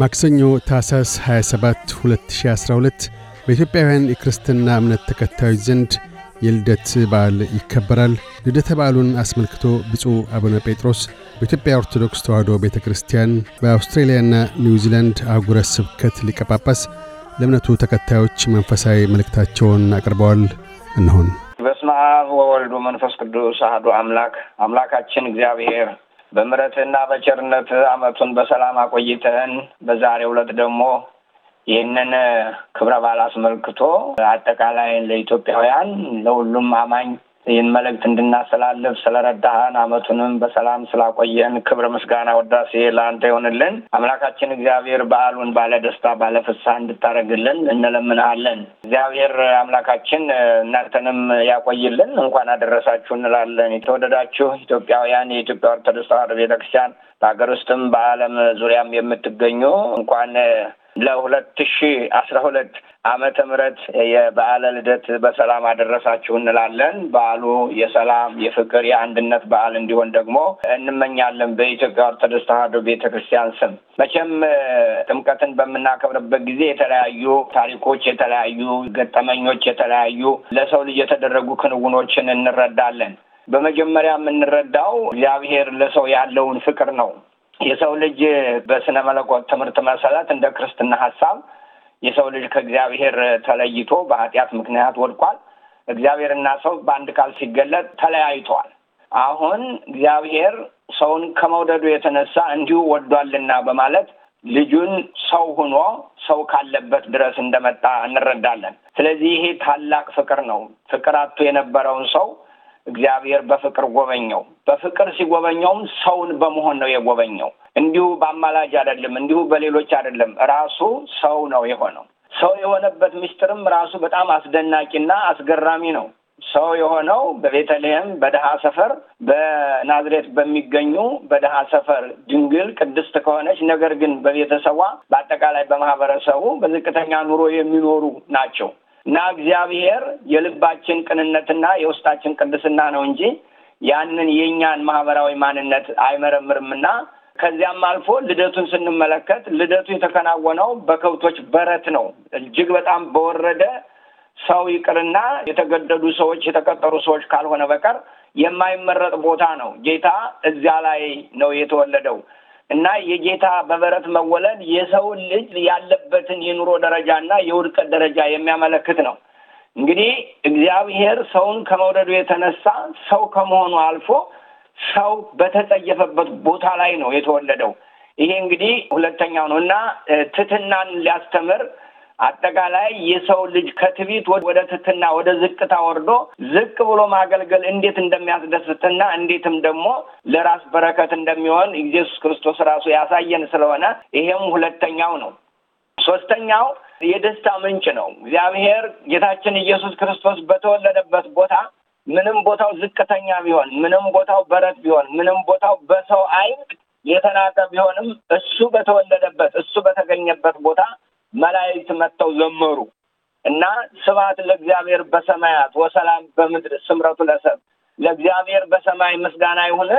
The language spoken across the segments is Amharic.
ማክሰኞ ታሳስ 27 2012 በኢትዮጵያውያን የክርስትና እምነት ተከታዮች ዘንድ የልደት በዓል ይከበራል። ልደተ በዓሉን አስመልክቶ ብፁዕ አቡነ ጴጥሮስ በኢትዮጵያ ኦርቶዶክስ ተዋሕዶ ቤተ ክርስቲያን በአውስትራሊያና ኒውዚላንድ አህጉረ ስብከት ሊቀ ጳጳስ ለእምነቱ ተከታዮች መንፈሳዊ መልእክታቸውን አቅርበዋል። እንሆን በስመ አብ ወወልድ ወመንፈስ ቅዱስ አህዱ አምላክ አምላካችን እግዚአብሔር በምሕረትህና በቸርነት አመቱን በሰላም አቆይተህን በዛሬው ዕለት ደግሞ ይህንን ክብረ በዓል አስመልክቶ አጠቃላይ ለኢትዮጵያውያን ለሁሉም አማኝ ይህን መልእክት እንድናስተላልፍ ስለረዳህን አመቱንም በሰላም ስላቆየን ክብር ምስጋና ወዳሴ ለአንተ ይሆንልን። አምላካችን እግዚአብሔር በዓሉን ባለ ደስታ ባለ ፍሳ እንድታደርግልን እንለምንሃለን። እግዚአብሔር አምላካችን እናንተንም ያቆይልን። እንኳን አደረሳችሁ እንላለን። የተወደዳችሁ ኢትዮጵያውያን፣ የኢትዮጵያ ኦርቶዶክስ ተዋሕዶ ቤተክርስቲያን በሀገር ውስጥም በዓለም ዙሪያም የምትገኙ እንኳን ለሁለት ሺ አስራ ሁለት አመተ ምህረት የበዓለ ልደት በሰላም አደረሳችሁ እንላለን። በዓሉ የሰላም የፍቅር፣ የአንድነት በዓል እንዲሆን ደግሞ እንመኛለን። በኢትዮጵያ ኦርቶዶክስ ተዋሕዶ ቤተ ክርስቲያን ስም መቼም ጥምቀትን በምናከብርበት ጊዜ የተለያዩ ታሪኮች፣ የተለያዩ ገጠመኞች፣ የተለያዩ ለሰው ልጅ የተደረጉ ክንውኖችን እንረዳለን። በመጀመሪያ የምንረዳው እግዚአብሔር ለሰው ያለውን ፍቅር ነው። የሰው ልጅ በስነ መለኮት ትምህርት መሰረት እንደ ክርስትና ሀሳብ የሰው ልጅ ከእግዚአብሔር ተለይቶ በኃጢአት ምክንያት ወድቋል። እግዚአብሔርና ሰው በአንድ ቃል ሲገለጥ ተለያይተዋል። አሁን እግዚአብሔር ሰውን ከመውደዱ የተነሳ እንዲሁ ወዷልና በማለት ልጁን ሰው ሆኖ ሰው ካለበት ድረስ እንደመጣ እንረዳለን። ስለዚህ ይሄ ታላቅ ፍቅር ነው። ፍቅር አቶ የነበረውን ሰው እግዚአብሔር በፍቅር ጎበኘው። በፍቅር ሲጎበኘውም ሰውን በመሆን ነው የጎበኘው። እንዲሁ በአማላጅ አይደለም፣ እንዲሁ በሌሎች አይደለም። ራሱ ሰው ነው የሆነው። ሰው የሆነበት ምስጢርም ራሱ በጣም አስደናቂና አስገራሚ ነው። ሰው የሆነው በቤተልሔም በድሃ ሰፈር በናዝሬት በሚገኙ በድሃ ሰፈር ድንግል ቅድስት ከሆነች ነገር ግን በቤተሰቧ በአጠቃላይ በማህበረሰቡ በዝቅተኛ ኑሮ የሚኖሩ ናቸው። እና እግዚአብሔር የልባችን ቅንነትና የውስጣችን ቅድስና ነው እንጂ ያንን የእኛን ማህበራዊ ማንነት አይመረምርምና ከዚያም አልፎ ልደቱን ስንመለከት ልደቱ የተከናወነው በከብቶች በረት ነው። እጅግ በጣም በወረደ ሰው ይቅርና የተገደዱ ሰዎች የተቀጠሩ ሰዎች ካልሆነ በቀር የማይመረጥ ቦታ ነው። ጌታ እዚያ ላይ ነው የተወለደው። እና የጌታ በበረት መወለድ የሰውን ልጅ ያለበትን የኑሮ ደረጃ እና የውድቀት ደረጃ የሚያመለክት ነው። እንግዲህ እግዚአብሔር ሰውን ከመውደዱ የተነሳ ሰው ከመሆኑ አልፎ ሰው በተጸየፈበት ቦታ ላይ ነው የተወለደው። ይሄ እንግዲህ ሁለተኛው ነው እና ትትናን ሊያስተምር አጠቃላይ የሰው ልጅ ከትቢት ወደ ትትና ወደ ዝቅታ ወርዶ ዝቅ ብሎ ማገልገል እንዴት እንደሚያስደስትና እንዴትም ደግሞ ለራስ በረከት እንደሚሆን ኢየሱስ ክርስቶስ ራሱ ያሳየን ስለሆነ ይሄም ሁለተኛው ነው። ሶስተኛው የደስታ ምንጭ ነው። እግዚአብሔር ጌታችን ኢየሱስ ክርስቶስ በተወለደበት ቦታ ምንም ቦታው ዝቅተኛ ቢሆን፣ ምንም ቦታው በረት ቢሆን፣ ምንም ቦታው በሰው አይን የተናቀ ቢሆንም እሱ በተወለደበት እሱ በተገኘበት ቦታ መላእክት መጥተው ዘመሩ እና ስብሐት ለእግዚአብሔር በሰማያት ወሰላም በምድር ስምረቱ ለሰብ ለእግዚአብሔር በሰማይ ምስጋና ይሁን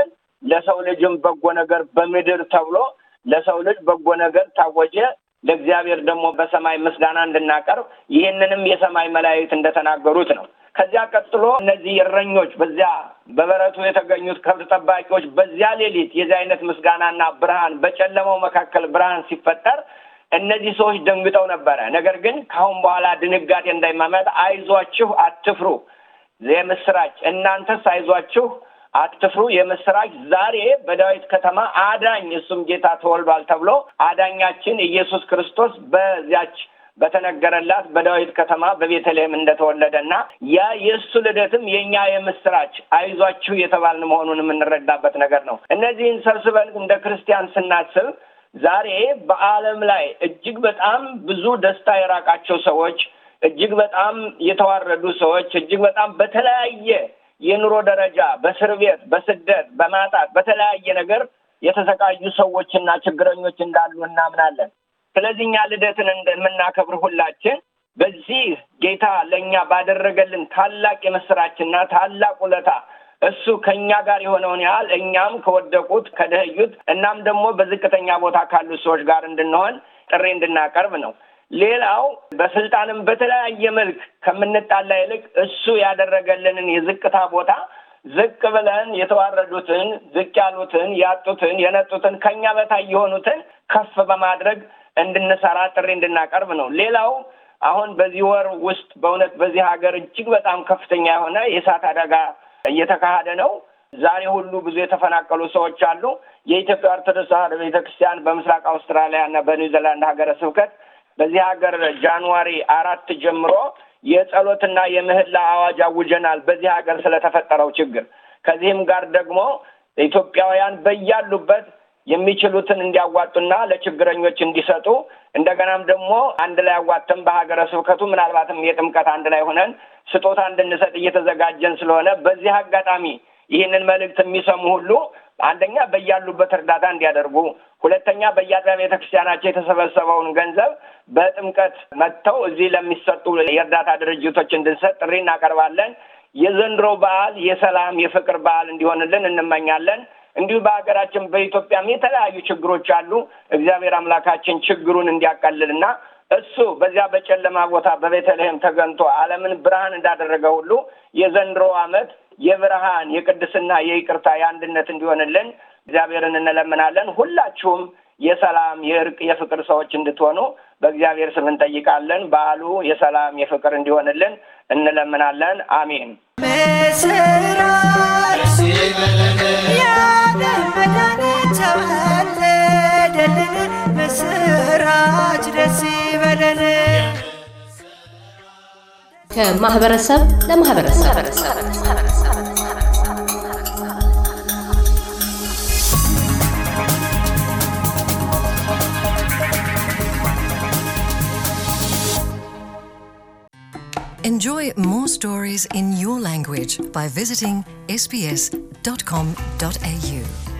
ለሰው ልጅም በጎ ነገር በምድር ተብሎ ለሰው ልጅ በጎ ነገር ታወጀ። ለእግዚአብሔር ደግሞ በሰማይ ምስጋና እንድናቀርብ ይህንንም የሰማይ መላእክት እንደተናገሩት ነው። ከዚያ ቀጥሎ እነዚህ እረኞች በዚያ በበረቱ የተገኙት ከብት ጠባቂዎች በዚያ ሌሊት የዚህ አይነት ምስጋናና ብርሃን በጨለመው መካከል ብርሃን ሲፈጠር እነዚህ ሰዎች ደንግጠው ነበረ። ነገር ግን ከአሁን በኋላ ድንጋጤ እንዳይማመጥ አይዟችሁ፣ አትፍሩ፣ የምስራች እናንተስ አይዟችሁ አትፍሩ የምስራች ዛሬ በዳዊት ከተማ አዳኝ እሱም ጌታ ተወልዷል ተብሎ አዳኛችን ኢየሱስ ክርስቶስ በዚያች በተነገረላት በዳዊት ከተማ በቤተልሔም እንደተወለደና ያ የእሱ ልደትም የእኛ የምስራች አይዟችሁ የተባልን መሆኑን የምንረዳበት ነገር ነው። እነዚህን ሰብስበን እንደ ክርስቲያን ስናስብ ዛሬ በዓለም ላይ እጅግ በጣም ብዙ ደስታ የራቃቸው ሰዎች፣ እጅግ በጣም የተዋረዱ ሰዎች፣ እጅግ በጣም በተለያየ የኑሮ ደረጃ በእስር ቤት፣ በስደት፣ በማጣት በተለያየ ነገር የተሰቃዩ ሰዎችና ችግረኞች እንዳሉ እናምናለን። ስለዚህ እኛ ልደትን እንደምናከብር ሁላችን በዚህ ጌታ ለእኛ ባደረገልን ታላቅ የምስራችንና ታላቅ ውለታ እሱ ከእኛ ጋር የሆነውን ያህል እኛም ከወደቁት ከደህዩት፣ እናም ደግሞ በዝቅተኛ ቦታ ካሉ ሰዎች ጋር እንድንሆን ጥሪ እንድናቀርብ ነው። ሌላው በስልጣንም በተለያየ መልክ ከምንጣላ ይልቅ እሱ ያደረገልንን የዝቅታ ቦታ ዝቅ ብለን የተዋረዱትን፣ ዝቅ ያሉትን፣ ያጡትን፣ የነጡትን ከእኛ በታ የሆኑትን ከፍ በማድረግ እንድንሰራ ጥሪ እንድናቀርብ ነው። ሌላው አሁን በዚህ ወር ውስጥ በእውነት በዚህ ሀገር እጅግ በጣም ከፍተኛ የሆነ የእሳት አደጋ እየተካሄደ ነው። ዛሬ ሁሉ ብዙ የተፈናቀሉ ሰዎች አሉ። የኢትዮጵያ ኦርቶዶክስ ተዋሕዶ ቤተክርስቲያን በምስራቅ አውስትራሊያ እና በኒውዚላንድ ሀገረ ስብከት በዚህ ሀገር ጃንዋሪ አራት ጀምሮ የጸሎትና የምህላ አዋጅ አውጀናል በዚህ ሀገር ስለተፈጠረው ችግር። ከዚህም ጋር ደግሞ ኢትዮጵያውያን በያሉበት የሚችሉትን እንዲያዋጡና ለችግረኞች እንዲሰጡ እንደገናም ደግሞ አንድ ላይ አዋተን በሀገረ ስብከቱ ምናልባትም የጥምቀት አንድ ላይ ሆነን ስጦታ እንድንሰጥ እየተዘጋጀን ስለሆነ በዚህ አጋጣሚ ይህንን መልእክት የሚሰሙ ሁሉ አንደኛ በያሉበት እርዳታ እንዲያደርጉ፣ ሁለተኛ በየአጥቢያ ቤተክርስቲያናቸው የተሰበሰበውን ገንዘብ በጥምቀት መጥተው እዚህ ለሚሰጡ የእርዳታ ድርጅቶች እንድንሰጥ ጥሪ እናቀርባለን። የዘንድሮ በዓል የሰላም የፍቅር በዓል እንዲሆንልን እንመኛለን። እንዲሁ በሀገራችን በኢትዮጵያም የተለያዩ ችግሮች አሉ። እግዚአብሔር አምላካችን ችግሩን እንዲያቃልልና እሱ በዚያ በጨለማ ቦታ በቤተልሔም ተገንቶ ዓለምን ብርሃን እንዳደረገ ሁሉ የዘንድሮ ዓመት የብርሃን የቅድስና የይቅርታ የአንድነት እንዲሆንልን እግዚአብሔርን እንለምናለን። ሁላችሁም የሰላም የእርቅ የፍቅር ሰዎች እንድትሆኑ በእግዚአብሔር ስም እንጠይቃለን። በዓሉ የሰላም የፍቅር እንዲሆንልን እንለምናለን። አሜን። ከማህበረሰብ ለማህበረሰብ Enjoy more stories in your language by visiting SPS www.thebusinessmindset.com.au.